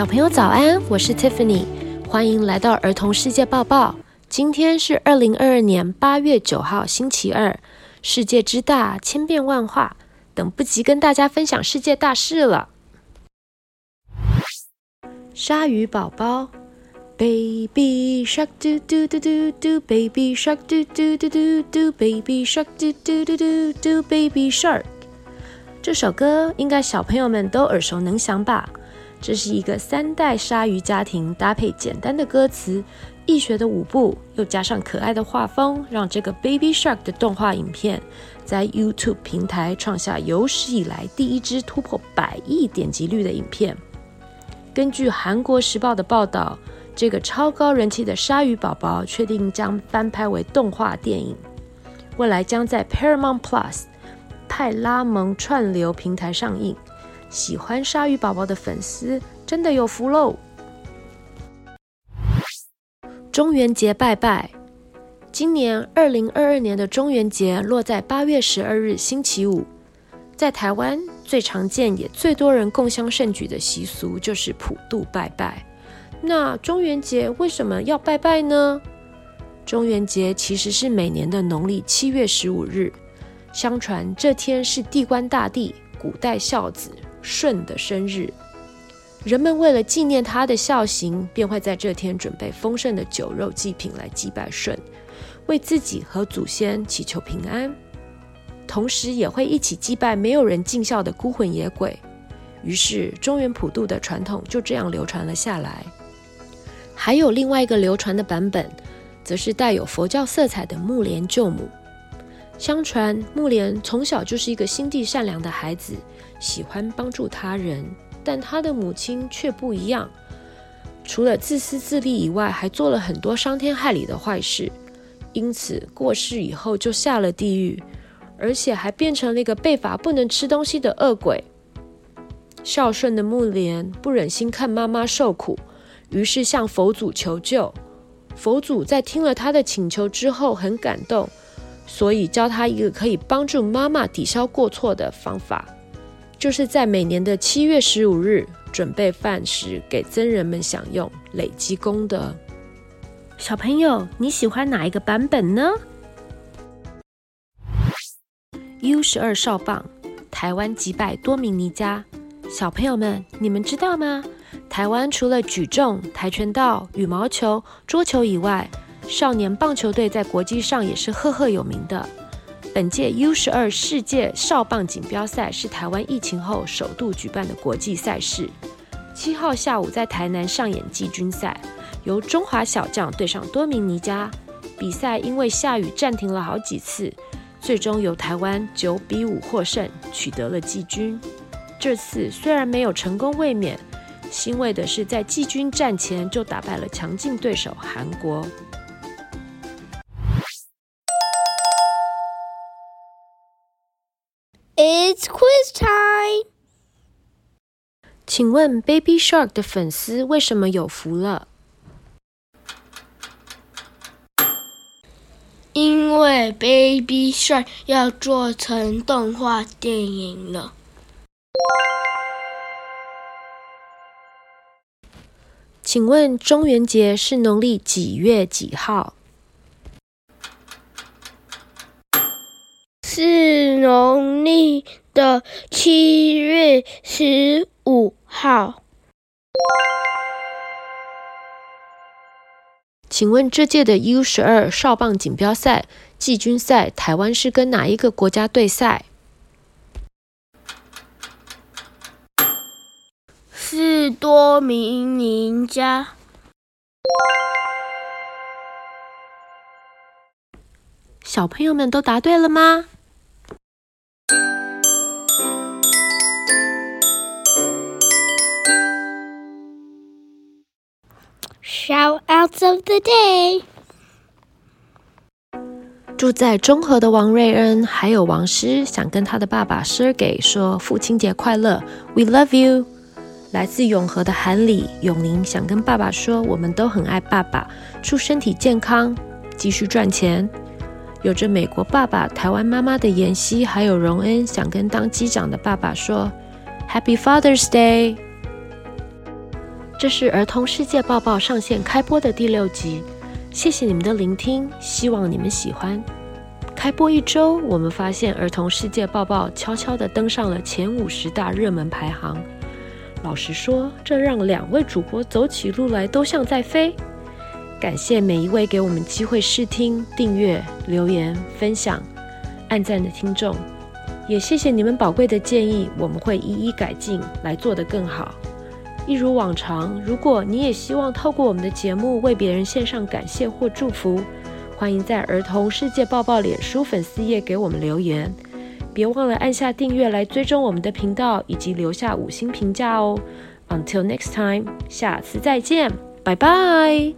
小朋友早安，我是 Tiffany，歡迎來到兒童世界報報。今天是二零二二年八月九號星期二。世界之大，千變萬化，等不及跟大家分享世界大事了。鯊魚寶寶，Baby Shark，嘟嘟嘟嘟嘟，Baby Shark，嘟嘟嘟嘟嘟，Baby Shark，嘟嘟嘟嘟嘟，Baby Shark。這首歌應該小朋友們都耳熟能詳吧？這是一個三代鯊魚家庭，搭配簡單的歌詞、易學的舞步，又加上可愛的畫風，讓這個 Baby Shark 的動畫影片在 YouTube 平台創下有史以來第一支突破百億點擊率的影片。根據韓國時報的報道，這個超高人氣的鯊魚寶寶確定將翻拍為動畫電影，未來將在 Paramount Plus、派拉蒙串流平台上映。喜歡鯊魚寶寶的粉絲真的有福嘍！中元節拜拜，今年二零二二年的中元節落在八月十二日星期五。在台灣最常見也最多人共襄盛舉的習俗就是普渡拜拜。那中元節為什麼要拜拜呢？中元節其實是每年的農曆七月十五日，相傳這天是地官大帝，古代孝子。舜的生日，人們為了紀念他的孝行，便會在這天準備豐盛的酒肉祭品來祭拜舜，為自己和祖先祈求平安，同時也會一起祭拜沒有人盡孝的孤魂野鬼。於是，中元普渡的傳統就這樣流傳了下來。還有另外一個流傳的版本，則是帶有佛教色彩的目連救母。相傳目連從小就是一個心地善良的孩子，喜歡幫助他人，但他的母親卻不一樣，除了自私自利以外，還做了很多傷天害理的壞事，因此過世以後就下了地獄，而且還變成了一個被罰不能吃東西的餓鬼。孝順的目連不忍心看媽媽受苦，於是向佛祖求救。佛祖在聽了他的請求之後，很感動。所以教他一個可以幫助媽媽抵消過錯的方法，就是在每年的七月十五日，準備飯食給僧人們享用，累積功德。小朋友，你喜歡哪一個版本呢？U 十二少棒，台灣擊敗多明尼加。小朋友們，你們知道嗎？台灣除了舉重、跆拳道、羽毛球、桌球以外，少年棒球隊在國際上也是赫赫有名的。本屆 U 十二世界少棒錦標賽是台灣疫情後首度舉辦的國際賽事。七號下午在台南上演季軍賽，由中華小將對上多明尼加。比賽因為下雨暫停了好幾次，最終由台灣九比五獲勝，取得了季軍。這次雖然沒有成功衛冕，欣慰的是在季軍戰前就打敗了強勁對手韓國。It's quiz time! 請問 Baby Shark 的粉絲為什麼有福了？因為 Baby Shark 要做成動畫電影了。影了請問中元節是農曆幾月幾號？是農曆的七月十五號。請問這屆的 U12 少棒錦標賽季軍賽，台灣是跟哪一個國家對賽？是多明尼加。小朋友們都答對了嗎？Shout outs of the day。住在中和的王瑞恩還有王詩，想跟他的爸爸 Sergey 說父親節快樂，We love you。來自永和的韓里永寧想跟爸爸說，我們都很愛爸爸，祝身體健康，繼續賺錢。有着美國爸爸、台灣媽媽的妍希還有榮恩，想跟當機長的爸爸說 Happy Father's Day。這是兒童世界報報上線開播的第六集，謝謝你們的聆聽，希望你們喜歡。開播一周，我們發現兒童世界報報悄悄地登上了前五十大熱門排行。老實說，這讓兩位主播走起路來都像在飛。感謝每一位給我們機會試聽、訂閱、留言、分享、按讚的聽眾，也謝謝你們寶貴的建議，我們會一一改進，來做得更好。一如往常，如果你也希望透過我們的節目為別人獻上感謝或祝福，歡迎在兒童世界報報臉書粉絲頁給我們留言。別忘了按下訂閱來追蹤我們的頻道，以及留下五星評價哦。Until next time，下次再見，拜拜。